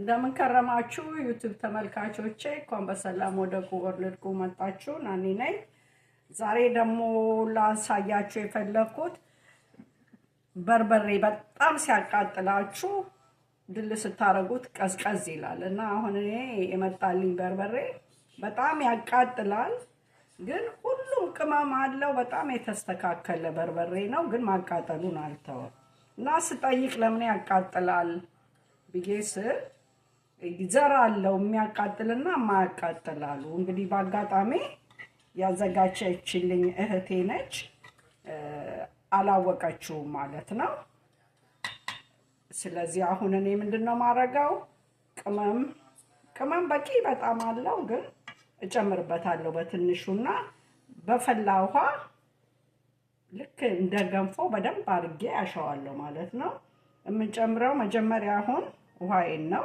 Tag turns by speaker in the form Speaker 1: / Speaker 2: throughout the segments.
Speaker 1: እንደምን ከረማችሁ ዩቱብ ተመልካቾቼ፣ እንኳን በሰላም ወደ ወርልድ ቁ መጣችሁ። ናኒ ነኝ። ዛሬ ደግሞ ላሳያችሁ የፈለግኩት በርበሬ በጣም ሲያቃጥላችሁ ድል ስታረጉት ቀዝቀዝ ይላል እና አሁን እኔ የመጣልኝ በርበሬ በጣም ያቃጥላል፣ ግን ሁሉም ቅመም አለው። በጣም የተስተካከለ በርበሬ ነው፣ ግን ማቃጠሉን አልተወም እና ስጠይቅ ለምን ያቃጥላል ብዬ ስል ዘር አለው የሚያቃጥልና የማያቃጥል አሉ። እንግዲህ በአጋጣሚ ያዘጋጀችልኝ እህቴ ነች፣ አላወቀችውም ማለት ነው። ስለዚህ አሁን እኔ ምንድን ነው ማረገው? ቅመም ቅመም በቂ በጣም አለው፣ ግን እጨምርበታለሁ በትንሹና በፈላ ውሃ ልክ እንደ ገንፎ በደንብ አድርጌ አሸዋለሁ ማለት ነው። የምንጨምረው መጀመሪያ አሁን ውሃዬን ነው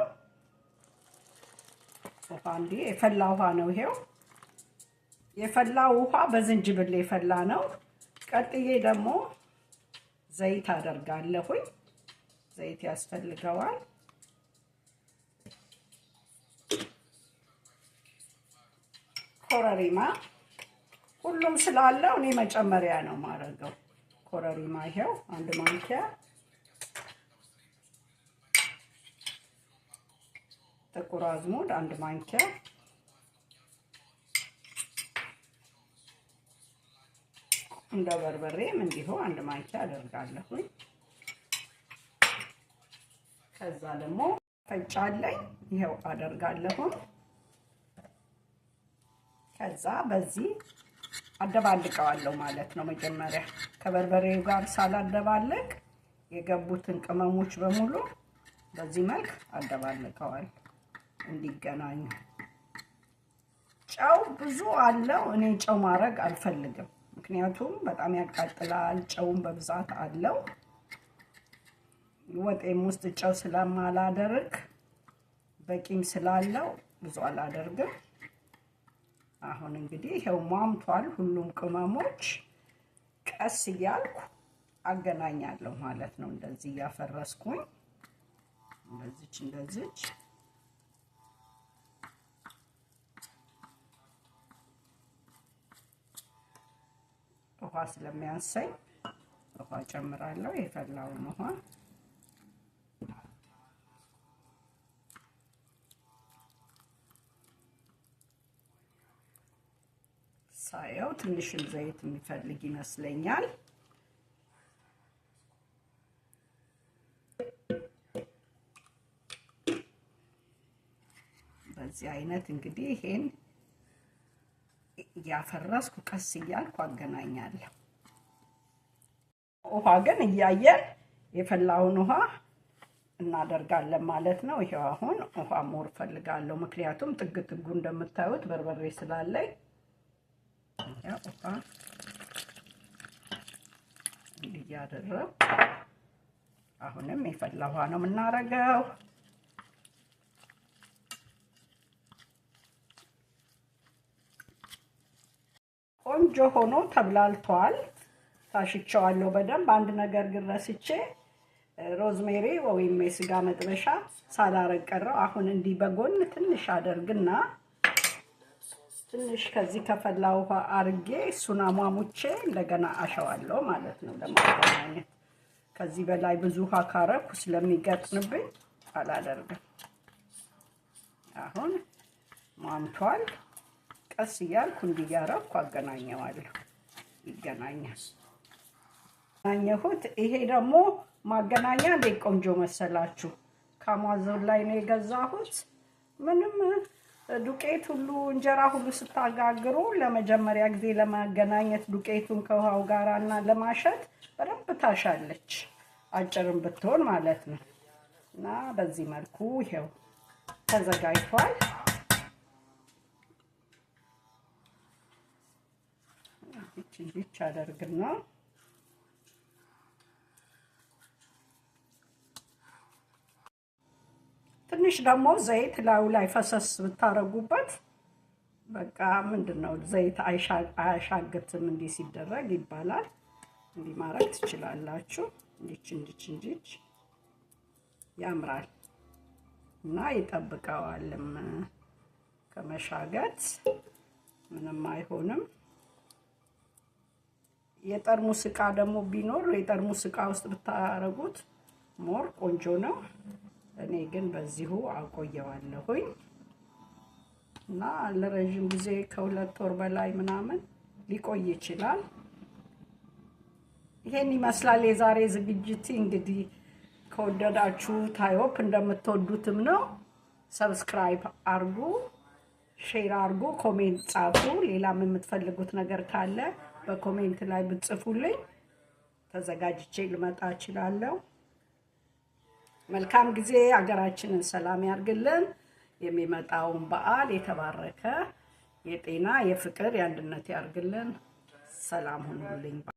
Speaker 1: ውሃ እንዲህ የፈላ ውሃ ነው። ይሄው የፈላ ውሃ በዝንጅብል የፈላ ነው። ቀጥዬ ደግሞ ዘይት አደርጋለሁኝ። ዘይት ያስፈልገዋል። ኮረሪማ ሁሉም ስላለው እኔ መጨመሪያ ነው ማረገው። ኮረሪማ ይሄው አንድ ማንኪያ ጥቁር አዝሙድ አንድ ማንኪያ እንደ በርበሬም እንዲሁ አንድ ማንኪያ አደርጋለሁኝ። ከዛ ደግሞ ፈጫለኝ ይኸው አደርጋለሁኝ። ከዛ በዚህ አደባልቀዋለሁ ማለት ነው። መጀመሪያ ከበርበሬው ጋር ሳላደባልቅ የገቡትን ቅመሞች በሙሉ በዚህ መልክ አደባልቀዋል። እንዲገናኙ። ጨው ብዙ አለው። እኔ ጨው ማድረግ አልፈልግም፣ ምክንያቱም በጣም ያቃጥላል። ጨውን በብዛት አለው። ወጤም ውስጥ ጨው ስለማላደርግ በቂም ስላለው ብዙ አላደርግም። አሁን እንግዲህ ይኸው ሟምቷል። ሁሉም ቅመሞች ቀስ እያልኩ አገናኛለሁ ማለት ነው። እንደዚህ እያፈረስኩኝ እንደዚች እንደዚች ውሃ ስለሚያንሰኝ ውሃ ጨምራለሁ። የፈላውን ውሃ ሳየው ትንሽም ዘይት የሚፈልግ ይመስለኛል። በዚህ አይነት እንግዲህ ይሄን እያፈረስኩ ቀስ እያልኩ አገናኛለሁ። ውሃ ግን እያየን የፈላውን ውሃ እናደርጋለን ማለት ነው። ይሄው አሁን ውሃ ሞር ፈልጋለሁ፣ ምክንያቱም ጥግ ጥጉ እንደምታዩት በርበሬ ስላለኝ ውሃ እንዲያደረው አሁንም የፈላ ውሃ ነው የምናደርገው። ቆንጆ ሆኖ ተብላልቷል። ታሽቸዋለሁ በደንብ። አንድ ነገር ግረስቼ ሮዝሜሪ ወይም የስጋ መጥበሻ ሳላረግ ቀረው። አሁን እንዲህ በጎን ትንሽ አደርግና ትንሽ ከዚህ ከፈላ ውሃ አርጌ እሱን አሟሙቼ እንደገና አሸዋለሁ ማለት ነው ለማቆማኘት። ከዚህ በላይ ብዙ ውሃ ካረኩ ስለሚገጥምብኝ አላደርግም። አሁን ሟምቷል። ቀስ እያልኩ እንዲያረኩ አገናኘዋለሁ። ይገናኛል። ገናኘሁት። ይሄ ደግሞ ማገናኛ እንዴት ቆንጆ መሰላችሁ! ከአማዞን ላይ ነው የገዛሁት። ምንም ዱቄት ሁሉ እንጀራ ሁሉ ስታጋግሩ ለመጀመሪያ ጊዜ ለማገናኘት ዱቄቱን ከውሃው ጋር እና ለማሸት በደንብ ታሻለች፣ አጭርም ብትሆን ማለት ነው። እና በዚህ መልኩ ይሄው ተዘጋጅቷል። ይችን ብቻ አደርግና ትንሽ ደግሞ ዘይት ላዩ ላይ ፈሰስ ብታረጉበት በቃ ምንድነው ዘይት አያሻግትም። እንዲህ ሲደረግ ይባላል። እንዲህ ማድረግ ትችላላችሁ። እንዲች እንዲች እንዲች ያምራል እና ይጠብቀዋልም ከመሻገት ምንም አይሆንም። የጠርሙስ እቃ ደግሞ ቢኖር የጠርሙስ እቃ ውስጥ ብታረጉት ሞር ቆንጆ ነው። እኔ ግን በዚሁ አቆየዋለሁኝ እና ለረዥም ጊዜ ከሁለት ወር በላይ ምናምን ሊቆይ ይችላል። ይሄን ይመስላል የዛሬ ዝግጅት። እንግዲህ ከወደዳችሁ አይሆፕ እንደምትወዱትም ነው። ሰብስክራይብ አርጉ፣ ሼር አርጉ፣ ኮሜንት ጻፉ። ሌላም የምትፈልጉት ነገር ካለ በኮሜንት ላይ ብትጽፉልኝ ተዘጋጅቼ ልመጣ እችላለሁ። መልካም ጊዜ። አገራችንን ሰላም ያርግልን። የሚመጣውን በዓል የተባረከ የጤና የፍቅር የአንድነት ያርግልን። ሰላም ሁኑልኝ።